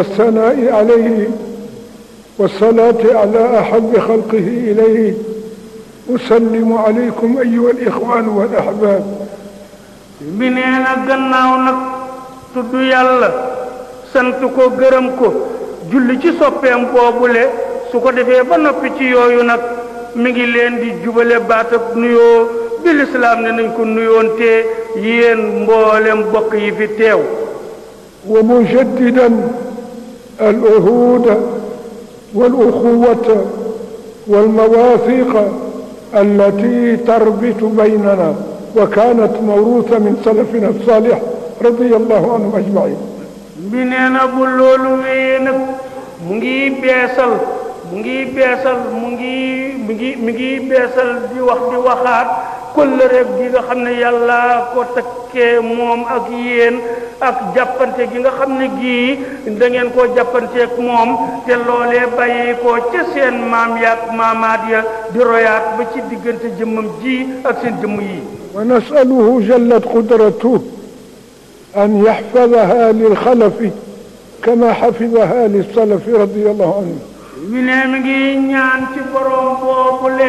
والثناء عليه والصلاة على أحب خلقه إليه أسلم عليكم أيها الإخوان والأحباب بنينا قلنا ونك تدوي الله سنتكو قرمكو جلجي سوبيم بوبولي سوكو دفيا بنو بيتي يو نك ميغي لين دي جوبلي باتك نيو بالإسلام ننكو نيون تي يين مبولي مبقي في تيو ومجددا العهود والأخوة والمواثيق التي تربط بيننا وكانت موروثة من سلفنا الصالح رضي الله عنهم أجمعين. bi nee na bu يا wéyee mu ngi beesal mu ngi mu ngi mu ngi beesal di wax di waxaat kóllëreeb gi nga xam ne yàlla ko takkee moom ak yéen ak jàppante gi nga xam ne gii da ngeen koo jàppanteeg moom te loolee bàyyi ko ca seen maam yaak maamaat ya di royaat ba ci diggante jëmmam ji ak seen jëmm yi ونسأله جلت قدرته أن يحفظها للخلف كما حفظها للسلف رضي الله عنه ñu ne mi ngi ñaan ci borom boobule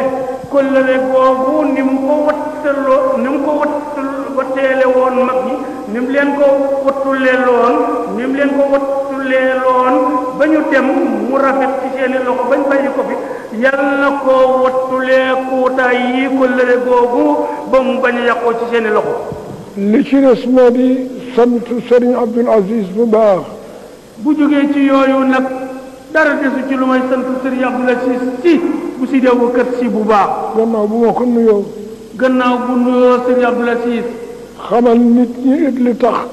kóllëre boobu ni mu ko wattaloo ni mu ko wattul watteele woon mag ñi ni mu leen ko wattule loon ni mu leen ko wattule loon ba ñu dem mu rafet ci seeni loxo bañ yi ko fi yàlla ko wattulee kuutaay yi kóllëre boobu ba mu bañ a yàqoo ci seeni loxo li ci des moo di sant Serigne Abdoul Aziz bu baax bu jógee ci yooyu nag dara desu ci lu may sant sëriñ Abdoulaye si si bu si dee bu kër si bu baax. gannaaw bu ma ko nuyoo. gannaaw bu nuyoo sëriñ Abdoulaye si. xamal nit ñi it li tax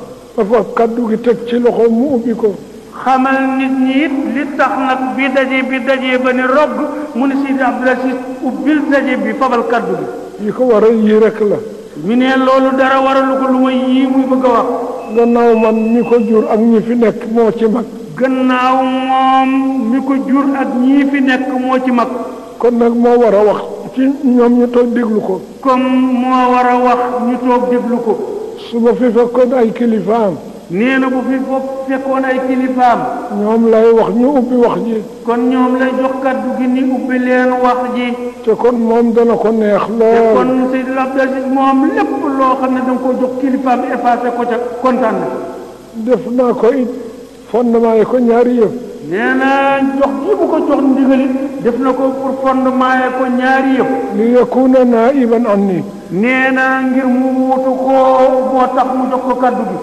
gi teg ci loxo mu ubbi ko. xamal nit ñi it li tax nag bi daje bi daje ba ni rog mu ne sëriñ Abdoulaye si ubbil daje bi fabal kaddu gi. yi ko waral yi rek la. ñu ne loolu dara waralu ko lu may yii muy bëgg a wax. gannaaw man ñi ko jur ak ñi fi nekk moo ci mag. gannaaw moom mi ko jur ak ñii fi nekk moo ci mag kon nag moo war a wax ci ñoom ñu toog déglu ko comme moo war a wax ñu toog déglu ko suba ma fi fekkoon ay kilifaam nee na bu fi bopp fekkoon ay kilifaam ñoom lay wax ñu ubbi wax ji kon ñoom lay jox kàddu gi ni ubbi leen wax ji te kon moom dana ko neex lool te kon Seydil Abdou moom lépp loo xam ne danga ko jox kilifaam effacé ko ca kontaan na def naa ko it fondement yi ko ñaari yëf neena jox yi mu ko jox ndigal def na ko pour fondement yi ko ñaari yëf li yakuna naiban anni neena ngir mu wutu ko moo tax mu jox ko kaddu gi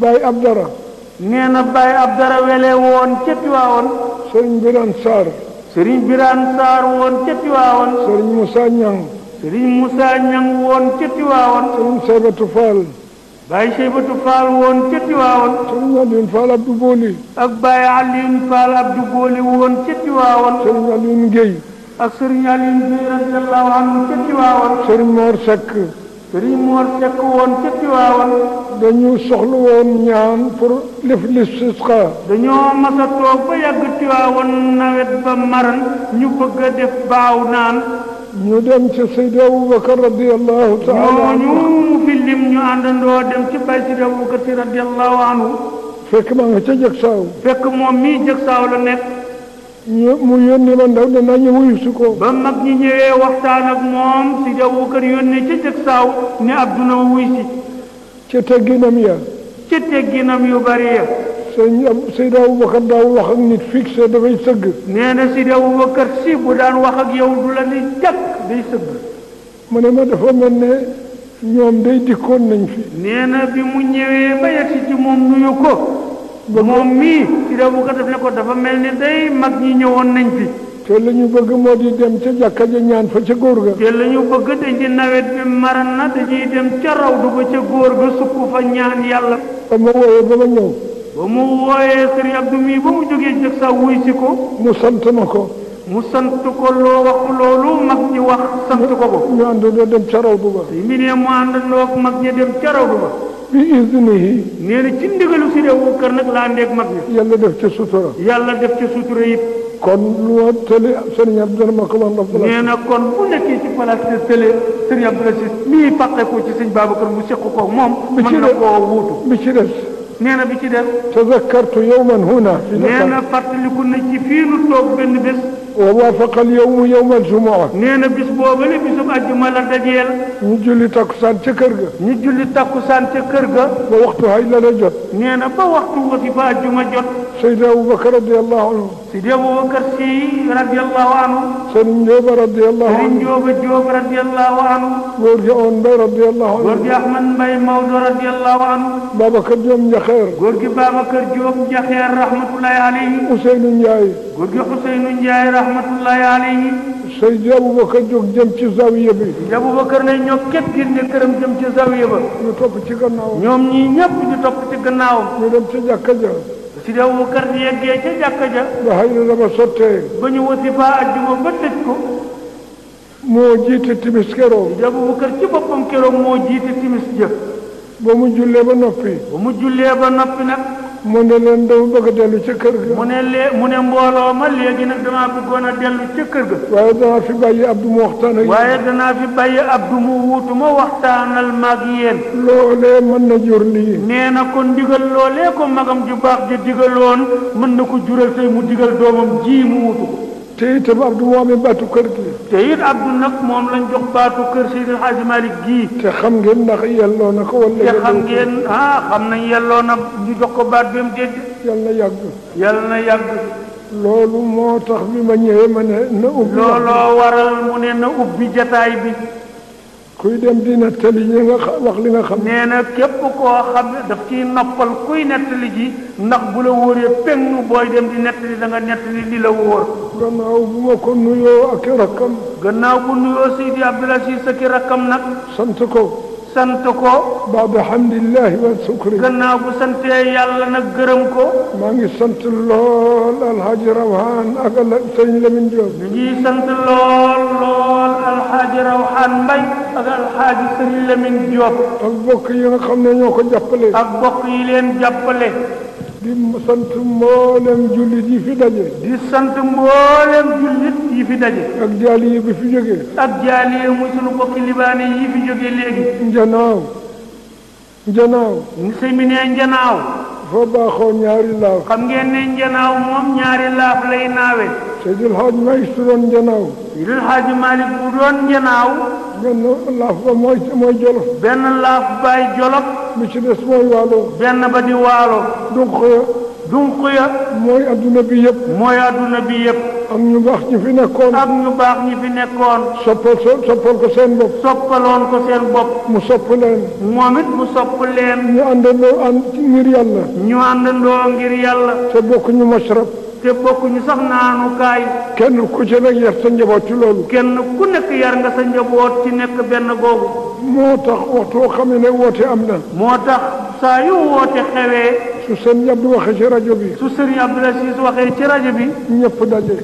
bay abdara neena bay abdara wele woon ca tiwaawoon sëriñ biran sar sëriñ biran sar woon ca tiwaawoon sëriñ musa ñang sëriñ musa ñang woon ca tiwaawoon sëriñ saybatu fall Baye Seybatu Fall woon ca Tiwaawan. Serigne Alioune Fall Abdou Booli. ak Baye Alioune Fall Abdou Booli woon ca Tiwaawan. Serigne Alioune Guèye. ak Serigne Alioune Guèye radiyallahu anhu ca Tiwaawan. Serigne Mor Seck. Serigne Mor Seck woon ca Tiwaawan. dañu soxla woon ñaan pour lif listisqa. dañoo mas a toog ba yàgg Tiwaawan nawet ba maran ñu bëgg a def baaw naan. ñu dem ci Seydi Aboubacar radiyallahu taala anhu ñooñu fi lim ñu àndandoo dem ci bay Seydi Aboubacar si radiyallahu anhu fekk maa nga ca jëg saaw fekk moom mii jëg saaw la nekk ñu mu yónni ma ndaw danaa ñu wuyu si ko ba mag ñi ñëwee waxtaan ak moom Seydi Aboubacar yónni ca jëg saaw ne abduna wuy si ca tegginam ya ca tegginam yu bari ya sëñ Seydou Aboubacar daaw wax ak nit fixé dafay sëgg nee na Seydou Aboubacar si bu daan wax ak yow du la ni jàkk day sëgg mu ne ma dafa mel ne ñoom day dikkoon nañ fi nee na bi mu ñëwee ba yegsi ci moom nuyu ko moom mii Seydou Aboubacar daf ne ko dafa mel ne day mag ñi ñëwoon nañ fi te la ñu bëgg moo di dem ca jàkka ja ñaan fa ca góor ga te la ñu bëgg dañ di nawet bi maran na dañuy dem ca raw du ba ca góor ga sukk fa ñaan yàlla dama wooye ba ma ñëw ba mu wooyee sëriñ Abdou mii ba mu jógee jëkk sa wuy si ko mu sant ma ko mu sant ko loo wax loolu mag ñi wax sant ko ko ñu àndandoo dem ca raw du ba si mu ne mu àndandoo dem ca du ba bi isnihi nee na ci ndigalu si réewu kër nag laa ndeeg mag ñi yàlla def ci sutura def ci sutura yit kon lu ma tële sëriñ Abdou ko man la nee na kon bu nekkee ci place de tële sëriñ Abdou Aziz mii fàqe ko ci sëñ Babacar mu seq ko moom mën na koo wuutu bi ci des nee بيتي bi تذكرت يوما هنا yawman huna nee na fàttaliku na ci fii بس ووافق اليوم يوم الجمعة نينا بس بوبلي بس الجمعة لدجيل نجلي تاكسان تكرغا نجلي تاكسان تكرغا ووقتها إلا نجد نينا بوقت وظيفة الجمعة جد سيدنا أبو بكر رضي الله عنه سيدي أبو بكر سي رضي الله عنه سرين جوب رضي الله عنه سرين جوب جوب رضي الله عنه ورجع عن بي رضي الله عنه ورجع من بي موضوع رضي الله عنه بابا كر جوم جخير ورجع بابا كر جوم جخير رحمة الله عليه حسين جاي ورجع حسين جاي رحمة الله عليه سيدي أبو بكر جوك جم ci بي سيد أبو بكر ne ñoo képp génne këram jëm ci zawiya ba ñu topp ci gannaawam ñoom ñii ñëpp ñu topp ci gannaawam ñu dem ci jàkka ن ci dee wu kar di yeggee ca jàkka ba xëy na dama sottee ba ñu wasifaa ajjuma ba tëj ko moo jiite timis keroog si dee bu kar ci boppam keroog moo jiite timis jëf ba mu jullee ba noppi ba mu jullee ba noppi na mu ne leen dama bëgg a dellu ca kër ga. mu ne lee mu ne mbooloo ma léegi nag damaa bëggoon a dellu ca kër ga. waaye danaa fi bàyyi Abdou mu waxtaan ak. waaye danaa fi bàyyi Abdou mu wuutu ma waxtaanal mag yéen. loolee mën na jur lii. nee na kon digal loolee ko magam ju baax ja digaloon mën na ko jural tey mu digal doomam ji mu wuutu. te itam Abdou moo amee baatu kër gi. te it Abdou nag moom lañ jox baatu kër Seydi El Hadji Malick gii. te xam ngeen ndax yelloo ko wala. te xam ngeen ah xam nañ yelloo na ñu jox ko baat bi mu dégg. yal na yàgg. na yàgg. loolu moo tax bi ma ñëwee ma ne na ubbi. looloo waral mu ne ubbi jataay bi. kuy dem di nettali li nga wax li nga nee na képp koo xam ne daf ki noppal kuy nettali ji ndax bu la wóoree pengu booy dem di nettali da nga nettali li la wóor. gannaaw bu ma ko nuyoo ak i rakkam. gannaaw bu nuyoo Seydi Abdoul Aziz ak rakkam nag. sant ko. sant ko baada hamdillahi wa shukri gannaaw bu sante yàlla nag gërëm ko maa ngi sant lool alhaji rawhan ak ala sëriñ lamin diop ñu ngi sant lool lool alhaji rawhan mbay ak alhaji sëriñ lamin diop ak bokk yi nga xam ne ñoo ko jàppale ak bokk yi leen jàppale di sant mboolem jullit yi fi daje. di sant mboolem jullit yi fi daje. ak jaaliye bi fi jógee. ak jaaliye muy sunu bokki libaane yi fi jógee léegi. njanaaw njanaaw. sëñ bi nee njanaaw. dafa baaxoo ñaari laaf. xam ngeen ne njanaaw moom ñaari laaf lay naawe. Seydil Hadj Malick su doon njanaaw. Seydil Hadj Malick laaf baay jolof. bi ci des mooy waalo. benn ba di waalo. dunq ya. mooy adduna bi yëpp. mooy adduna bi yëpp. ak ñu baax ñi fi nekkoon. ak ñu baax ñi fi nekkoon. soppal ko seen bopp. soppaloon ko seen bopp. mu sopp leen. moom it mu sopp leen. ñu àndandoo ànd ngir yàlla. ñu àndandoo ngir yàlla. te bokkuñu masrab. te bokkuñu sax naanu kaay kenn ku ci nag yar sa njaboot ci loolu kenn ku nekk yar nga sa njaboot ci nekk benn googu moo tax waxtu woo xam ne woote am na moo tax saa yu woote xewee su sëñ Abdou waxee ci rajo bi su sëñ Abdou Aziz waxee ci rajo bi ñëpp daje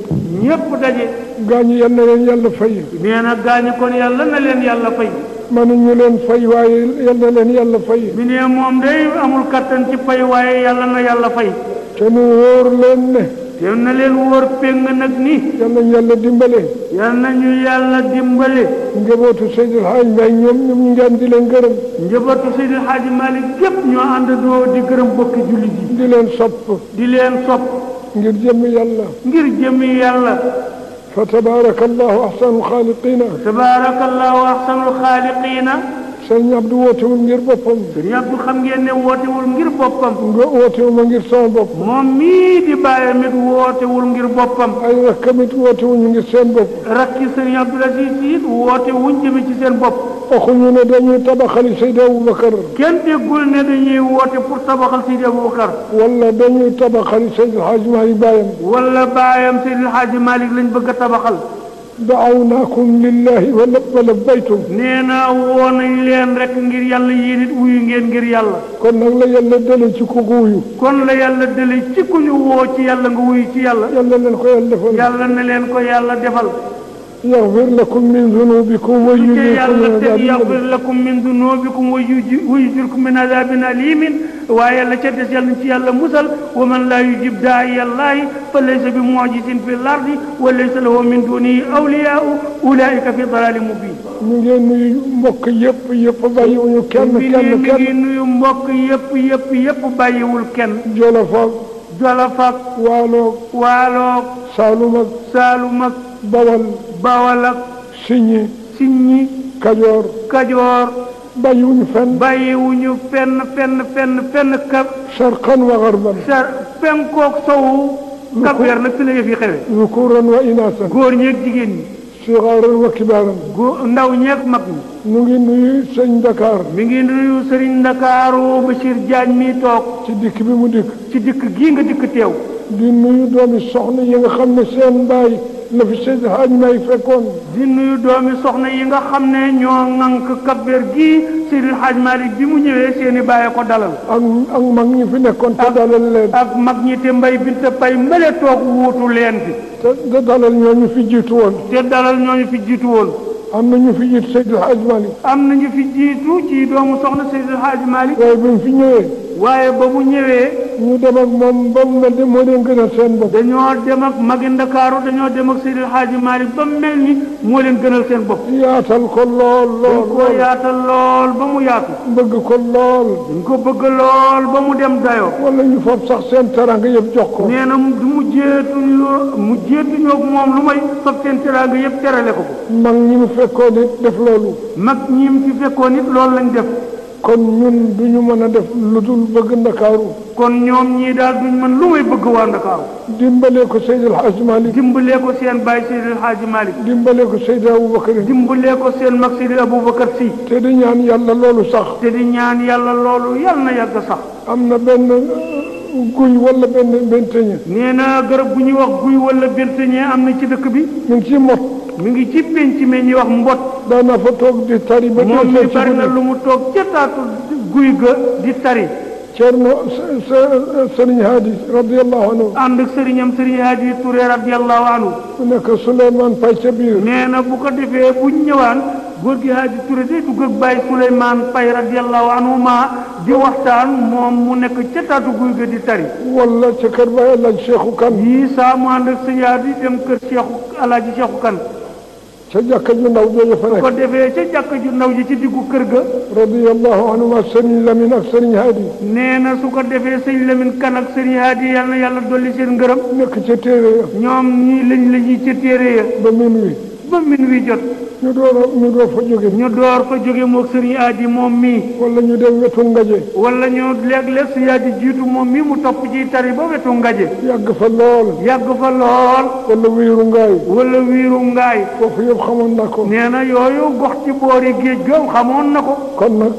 ñëpp daje gaañu yal na leen yàlla fay nee na gaañu kon yàlla na leen yàlla fay manu ñu leen fay waaye yàlla leen yàlla fay mi ne moom day amul kattan ci fay waaye yàlla na yàlla fay te nu wóor leen ne dem na leen wóor péng nag ni yal nañu yàlla dimbale yal nañu yàlla dimbale njabootu Seydil Hadj Malick ñoom ñoom ñu ngi am di leen gërëm njabootu Seydil Hadj Malick gépp ñoo àndandoo di gërëm bokki julli ji di leen sopp di leen sopp ngir jëmmi yàlla ngir jëmmi yàlla fa tabaraka allahu ahsanu xaaliqina tabaraka allahu ahsanu xaaliqina sëñ Abdou wootewul ngir boppam. sëñ Abdou xam ngeen ne wootewul ngir boppam. nga wootewul ma ngir sama bopp. moom mii di bàyyam it wootewul ngir boppam. ay rakkam it wootewuñu ngir seen bopp. rakki sëñ Abdou Aziz it wootewuñ jëme ci seen bopp. waxuñu ne dañuy tabaxal Seydi Aboubacar. kenn déggul ne dañuy woote pour tabaxal Seydi Aboubacar. wala dañuy tabaxal Seydi El Hadj Malick bàyyam. wala bàyyam Seydi El Hadj Malick lañ bëgg a tabaxal. dacawnaakum lillahi wa labbaytum nee naa woo nañ leen rek ngir yàlla yéen it wuyu ngeen ngir yàlla kon nag la yàlla dale ci ku wuyu kon la yàlla dale ci ku ñu woo ci yàlla nga wuyu ci yàlla yàlla leen ko yàlla defal yàlla na leen ko yàlla defal yaxfir lakum min dunubikum wa yujirkum min adabin alimin waaye la ca des yàlla nañ ci yàlla musal wa man laa yujib daaiya allahi fa laysa bi mujisin fi lardi wa laysa lahu min dunihi awliyaau ulaika fi dalali mubin ñu ngi leen nuyu mbokk yépp yépp bàyyiwuñu kenn kenn kenn ngi nuyu mbokk yépp yépp yépp bàyyiwul kenn jolofoog jolofoog waaloog waaloog saalumag saalumag bawal bawalak siñi siñi kajoor kajoor bàyyiwuñu fenn. bàyyiwuñu fenn fenn fenn fenn kap. sharqan wa garban. char penkook sowu. kap weer nag fi la yëf yi xewee. zukuran wa inaasan. góor ñeeg jigéen ñi. sigaaran wa kibaaran. góor ndaw ñeeg mag ñi. ñu ngi nuyu sëñ Dakar. mi ngi nuyu sëriñ Dakaru Bachir Diagne mi toog. ci dikk bi mu dikk. ci dikk gii nga dikk teew. di nuyu doomi soxna yi nga xam ne seen baay. na fi Seydi Haaj Maay fekkoon di nuyu doomi soxna yi nga xam ne ñoo ŋànk kabbeer gi Seydi Haaj Maalik bi mu ñëwee seeni bàyyi ko dalal ak mag ñi fi nekkoon te dalal leen ak mag ñi te mbay binta pay mbale toog wuutu leen fi te dalal ñooñu fi jiitu woon te dalal ñooñu fi jiitu woon am na ñu fi jiitu Seydi Haaj Maalik am na ñu fi jiitu ci doomu soxna Seydi Haaj Maalik waaye bi mu fi ñëwee waaye ba mu ñëwee. ñu dem ak moom ba mu mel ni moo leen gënal seen bopp. dañoo dem ak magi Ndakaaru dañoo dem ak Seydil Hadji Malick ba mu mel ni moo leen gënal seen bopp. yaatal ko lool lool ko lool ba mu yaatu. bëgg ko lool. dañ bëgg lool ba mu dem dayoo. wala ñu fab sax seen teraanga yëpp jox ko. nee na du mu jéetu ñoo mu jéetu ñoo moom lu may fab seen teraanga yëpp terale ko ko. mag ñi mu fekkoo it def loolu. mag ñi mu fi fekkoon it loolu lañ def. kon ñun ñu mën a def lu dul bëgg ndakaaru kon ñoom ñii daal duñ mën lu may bëgg waa ndakaaru dimbalee ko Seydi El Hadji Malick dimbalee ko seen baay Seydi El Hadji Malick dimbalee ko Seydi Aboubacar dimbalee ko seen mag Seydi Aboubacar si te di ñaan yàlla loolu sax te di ñaan yàlla loolu yàlla na yàgg sax am na benn uh, guy wala benn benteñe nee na garab bu ñuy wax guy wala benteñe am na ci dëkk bi ñu ngi ciy mot mi ngi ci penc mi wax mbot. daana fa toog di tari ba. moom mi bari na lu mu toog ca taatu guy gë di tari. Cerno Sëriñ Haadi radiyallahu anhu. ànd ak sëriñam Sëriñ Haadi Touré radiyallahu anhu. ku nekk Souleymane Pay ca biir. nee bu ko defee bu ñëwaan góor gi Haadi Touré day dugg ak Baye Souleymane Pay radiyallahu anhu ma di waxtaan moom mu nekk ca taatu guy ga di tari. wala ca kër Baye El Hadj Cheikhou Kane. yii saa mu ànd ak sëriñ Haadi dem kër Cheikhou El Hadj Cheikhou ca jàkka ju ndaw jooju fa nekk. ko defee ca jàkka ju ndaw ji ci diggu kër ga. radiyallahu anhuma sëriñ Lamine ak na su ko defee sëriñ Lamine kan ak sëriñ Hadi yal na yàlla dolli seen ngërëm. nekk ca téere ya. ñoom ñii lañ la ñuy ca téere ya. ba minuit. ba min wi jot ñu door ñu door fa jóge ñu door fa jóge moog sëriñ aadi moom mii wala ñu dem wetu ngaje wala ñu léeg-léeg sëriñ aadi jiitu moom mii mu topp ji tari ba wetu ngaje yàgg fa lool yàgg fa lool wala wiiru ngaay wala wiiru ngaay foofu yëpp xamoon na ko nee na yooyu gox ci boori géej goom xamoon na ko kon nag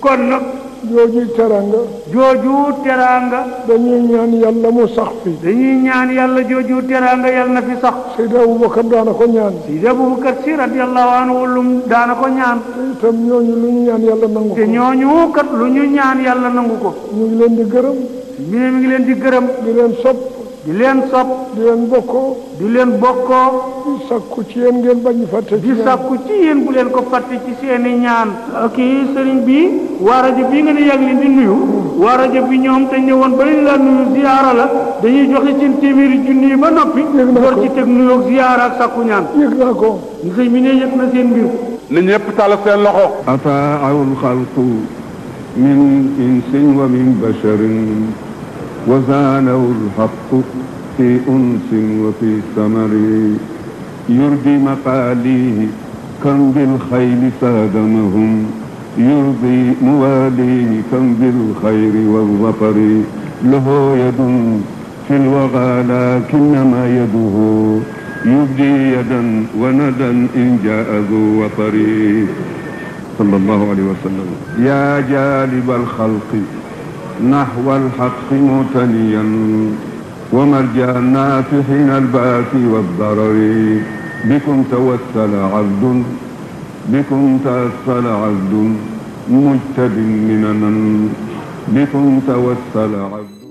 kon nag jooju teranga jooju teranga dañuy ñaan yàlla mu sax fi dañuy ñaan yàlla jooju teranga yàlla na fi sax Seydi Aboubacar daana ko ñaan Seydi Aboubacar si radiyallahu anhu lum daana ko ñaan itam ñooñu lu ñu ñaan yàlla nangu ko te ñooñu kat lu ñu ñaan yàlla nangu ko ñu ngi leen di gërëm mi ngi leen di gërëm di leen sopp di leen sopp di leen bokkoo di leen bokkoo di sakku ci yéen ngeen bañ fàtte di sakku ci yéen bu leen ko fàtte ci seeni ñaan ak kii sëriñ bi waa rajo bii nga ne yàgg leen di nuyu waa rajo bi ñoom te ñëwoon ba leen laa nuyu ziyaara la dañuy joxe seen téeméeri junni yi ba noppi door ci teg nuyu ak ziyaara ak sakku ñaan yëg naa ko sëriñ bi ne yëg seen mbir na ñëpp tàll seen loxo ataa awul xalqu min insin wa min basharin وزانه الحق في أنس وفي ثمر يرضي مقاليه كم بالخيل سادمهم يرضي مواليه كم بالخير والظفر له يد في الوغى لكنما يده يبدي يدا وندا إن جاء ذو وطري صلى الله عليه وسلم يا جالب الخلق نحو الحق متنيا ومرجى الناس حين الباس والضرر بكم توسل عبد بكم توسل عبد مجتب مننا بكم توسل عبد